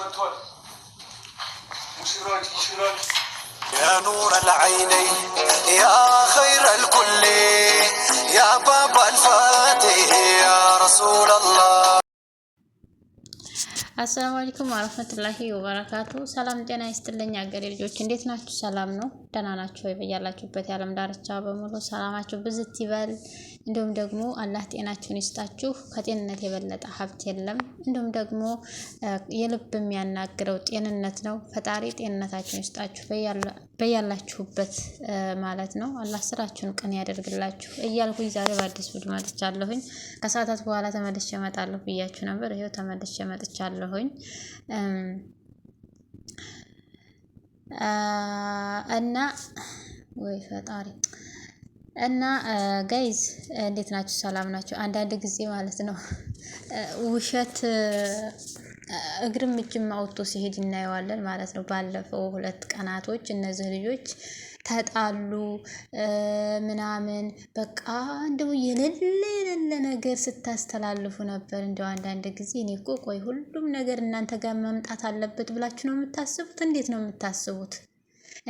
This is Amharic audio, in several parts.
መጥቷል። ሙሽራዎች ሙሽራዎች ያ ኑረል ዐይነይ ያ ኸይረል ኩሊ ያ ባባል ፋቲህ ያ ረሱለላህ አሰላሙ አለይኩም ወረህመቱላሂ ወበረካቱ። ሰላም ጤና ይስጥልኝ አገሬ ልጆች እንዴት ናችሁ? ሰላም ነው? ደህና ናችሁ ወይ? በያላችሁበት የዓለም ዳርቻ በሙሉ ሰላማችሁ ብዝት ይበል። እንዲሁም ደግሞ አላህ ጤናችሁን ይስጣችሁ። ከጤንነት የበለጠ ሀብት የለም። እንዲሁም ደግሞ የልብ የሚያናግረው ጤንነት ነው። ፈጣሪ ጤንነታችሁን ይስጣችሁ በያላችሁበት ማለት ነው። አላህ ስራችሁን ቀን ያደርግላችሁ እያልኩኝ ዛሬ በአዲስ ቪዲዮ መጥቻለሁኝ። ከሰዓታት በኋላ ተመልሼ እመጣለሁ ብያችሁ ነበር። ይኸው ተመልሼ መጥቻለሁኝ። እና ወይ ፈጣሪ እና ጋይዝ እንዴት ናችሁ? ሰላም ናችሁ? አንዳንድ ጊዜ ማለት ነው ውሸት እግርም እጅም አውጥቶ ሲሄድ እናየዋለን ማለት ነው። ባለፈው ሁለት ቀናቶች እነዚህ ልጆች ተጣሉ ምናምን በቃ እንደው የሌለ የሌለ ነገር ስታስተላልፉ ነበር። እንደው አንዳንድ ጊዜ እኔ እኮ ቆይ ሁሉም ነገር እናንተ ጋር መምጣት አለበት ብላችሁ ነው የምታስቡት? እንዴት ነው የምታስቡት?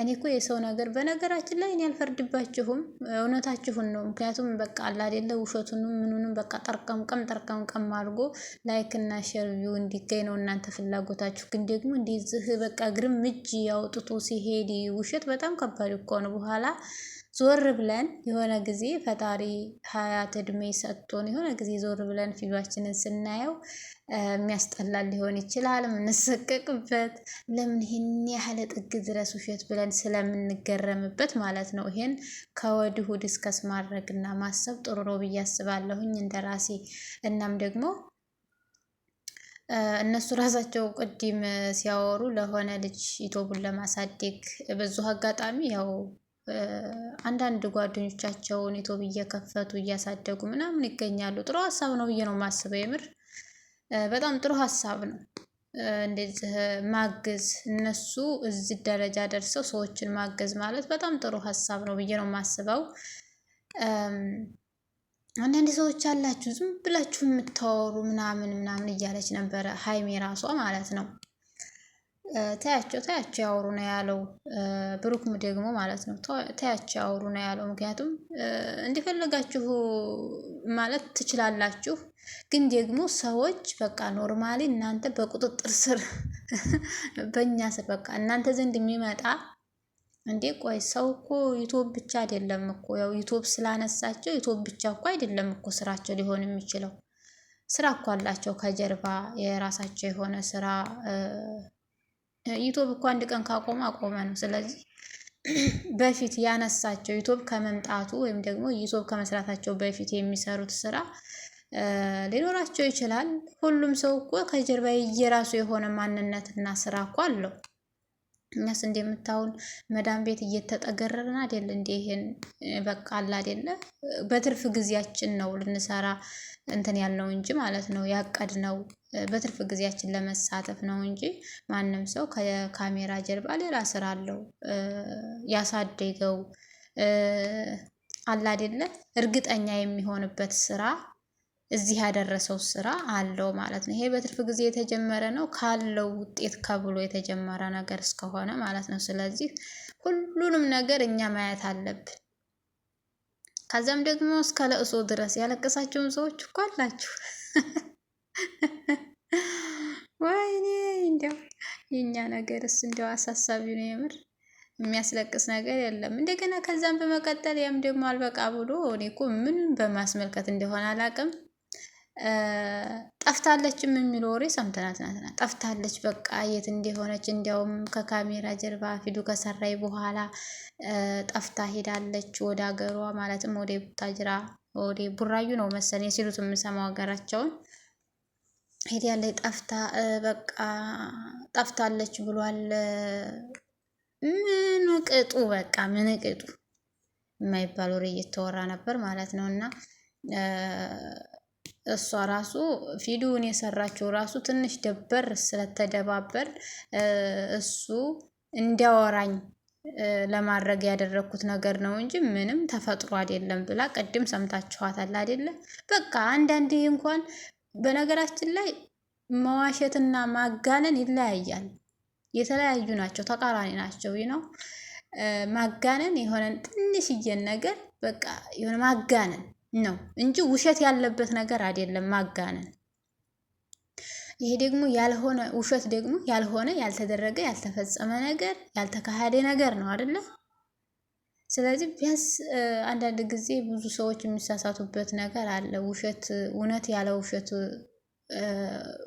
እኔ እኮ የሰው ነገር በነገራችን ላይ እኔ አልፈርድባችሁም፣ እውነታችሁን ነው። ምክንያቱም በቃ አላደለ አይደለ ውሸቱንም ምኑንም በቃ ጠርቀም ቀም አድርጎ ላይክ እና ሼር ቪው እንዲገኝ ነው እናንተ ፍላጎታችሁ። ግን ደግሞ እንደዚህ በቃ ግርም እጅ ያውጥቶ ሲሄድ ውሸት በጣም ከባድ እኮ ነው በኋላ ዞር ብለን የሆነ ጊዜ ፈጣሪ ሀያት እድሜ ሰጥቶን የሆነ ጊዜ ዞር ብለን ፊቷችንን ስናየው የሚያስጠላል ሊሆን ይችላል። የምንሰቀቅበት ለምን ይህን ያህል ጥግ ድረስ ውሸት ብለን ስለምንገረምበት ማለት ነው። ይሄን ከወዲሁ ዲስከስ እና ማሰብ ጥሩ ነው ብዬ አስባለሁኝ እንደራሴ እናም ደግሞ እነሱ ራሳቸው ቅድም ሲያወሩ ለሆነ ልጅ ኢቶቡን ለማሳደግ በዙ አጋጣሚ ያው አንዳንድ ጓደኞቻቸውን ዩቲዩብ እየከፈቱ እያሳደጉ ምናምን ይገኛሉ። ጥሩ ሀሳብ ነው ብዬ ነው የማስበው። የምር በጣም ጥሩ ሀሳብ ነው። እንደዚህ ማገዝ እነሱ እዚህ ደረጃ ደርሰው ሰዎችን ማገዝ ማለት በጣም ጥሩ ሀሳብ ነው ብዬ ነው ማስበው። አንዳንድ ሰዎች አላችሁ ዝም ብላችሁ የምታወሩ ምናምን ምናምን እያለች ነበረ ሀይሜ ራሷ ማለት ነው። ታያቸው ታያቸው ያወሩ ነው ያለው። ብሩክም ደግሞ ማለት ነው ታያቸው ያወሩ ነው ያለው። ምክንያቱም እንደፈለጋችሁ ማለት ትችላላችሁ፣ ግን ደግሞ ሰዎች በቃ ኖርማሊ እናንተ በቁጥጥር ስር በእኛ ስር በቃ እናንተ ዘንድ የሚመጣ እንዴ ቆይ ሰው እኮ ዩቱብ ብቻ አይደለም እኮ ያው ዩቱብ ስላነሳቸው ዩቱብ ብቻ እኮ አይደለም እኮ ስራቸው ሊሆን የሚችለው ስራ እኮ አላቸው ከጀርባ የራሳቸው የሆነ ስራ ዩቱብ እኮ አንድ ቀን ካቆመ አቆመ ነው። ስለዚህ በፊት ያነሳቸው ዩቱብ ከመምጣቱ ወይም ደግሞ ዩቱብ ከመስራታቸው በፊት የሚሰሩት ስራ ሊኖራቸው ይችላል። ሁሉም ሰው እኮ ከጀርባ የየራሱ የሆነ ማንነትና ስራ እኮ አለው። እኛስ እንደምታውን መዳን ቤት እየተጠገረርን አይደል? እንደ ይሄን በቃ አለ አይደለ? በትርፍ ጊዜያችን ነው ልንሰራ እንትን ያልነው እንጂ ማለት ነው ያቀድ ነው በትርፍ ጊዜያችን ለመሳተፍ ነው እንጂ ማንም ሰው ከካሜራ ጀርባ ሌላ ስራ አለው ያሳደገው አለ አይደለ? እርግጠኛ የሚሆንበት ስራ እዚህ ያደረሰው ስራ አለው ማለት ነው። ይሄ በትርፍ ጊዜ የተጀመረ ነው ካለው ውጤት ከብሎ የተጀመረ ነገር እስከሆነ ማለት ነው። ስለዚህ ሁሉንም ነገር እኛ ማየት አለብን። ከዚያም ደግሞ እስከ ለእሶ ድረስ ያለቀሳቸውም ሰዎች እኮ አላችሁ። ወይኔ እንዲያው የእኛ ነገርስ እንዲያው አሳሳቢ ነው የምር የሚያስለቅስ ነገር የለም። እንደገና ከዛም በመቀጠል ያም ደግሞ አልበቃ ብሎ እኔ እኮ ምን በማስመልከት እንደሆነ አላውቅም። ጠፍታለችም የሚል ወሬ ሰምተናል። ትናንትና ጠፍታለች በቃ የት እንደሆነች እንዲያውም ከካሜራ ጀርባ ፊዱ ከሰራይ በኋላ ጠፍታ ሄዳለች ወደ ሀገሯ ማለትም ወደ ቡታጅራ ወደ ቡራዩ ነው መሰለኝ ሲሉት የምሰማው ሀገራቸውን ሄድ ያለ ጠፍታ በቃ ጠፍታለች ብሏል። ምን ቅጡ በቃ ምን ቅጡ የማይባል ወሬ እየተወራ ነበር ማለት ነው እና እሷ ራሱ ቪዲዮውን የሰራችው ራሱ ትንሽ ደበር ስለተደባበር እሱ እንዲያወራኝ ለማድረግ ያደረግኩት ነገር ነው እንጂ ምንም ተፈጥሮ አይደለም ብላ ቅድም ሰምታችኋታል አይደለ? በቃ አንዳንዴ እንኳን በነገራችን ላይ መዋሸትና ማጋነን ይለያያል። የተለያዩ ናቸው፣ ተቃራኒ ናቸው። ይህ ነው ማጋነን የሆነን ትንሽዬን ነገር በቃ የሆነ ማጋነን ነው እንጂ ውሸት ያለበት ነገር አይደለም ማጋነን። ይሄ ደግሞ ያልሆነ ውሸት ደግሞ ያልሆነ ያልተደረገ ያልተፈጸመ ነገር ያልተካሄደ ነገር ነው አይደለ? ስለዚህ ቢያንስ አንዳንድ ጊዜ ብዙ ሰዎች የሚሳሳቱበት ነገር አለ። ውሸት እውነት ያለ ውሸት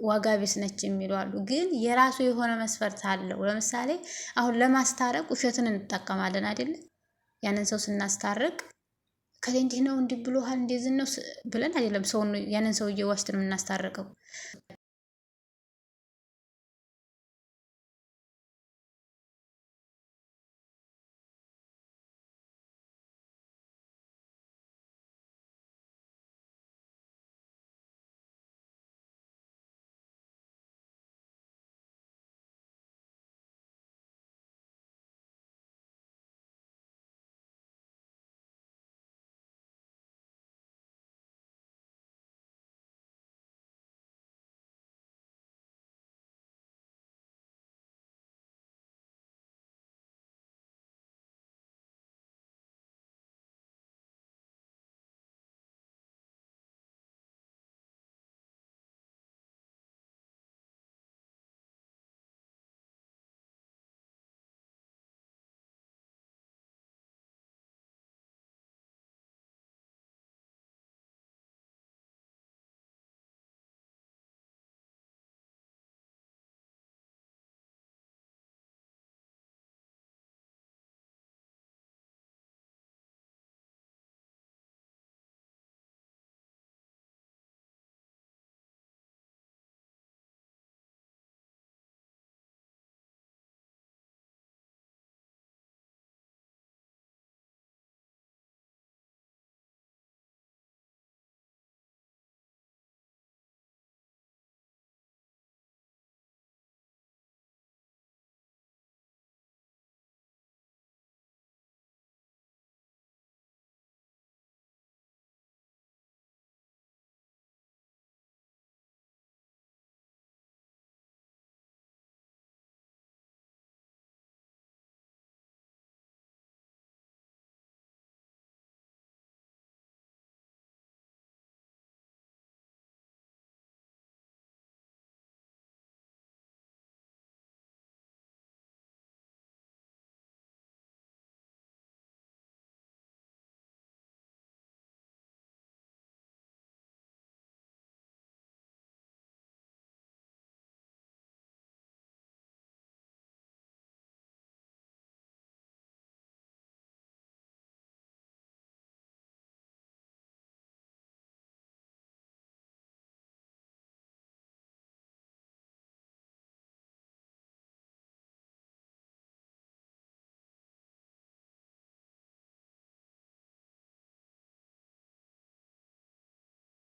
ዋጋ ቢስ ነች የሚሉ አሉ። ግን የራሱ የሆነ መስፈርት አለው። ለምሳሌ አሁን ለማስታረቅ ውሸትን እንጠቀማለን አይደለ? ያንን ሰው ስናስታርቅ ከሌ እንዲህ ነው እንዲህ ብሎሃል እንደዚህ ነው ብለን አይደለም ሰውን ያንን ሰውዬ ነው የምናስታርቀው።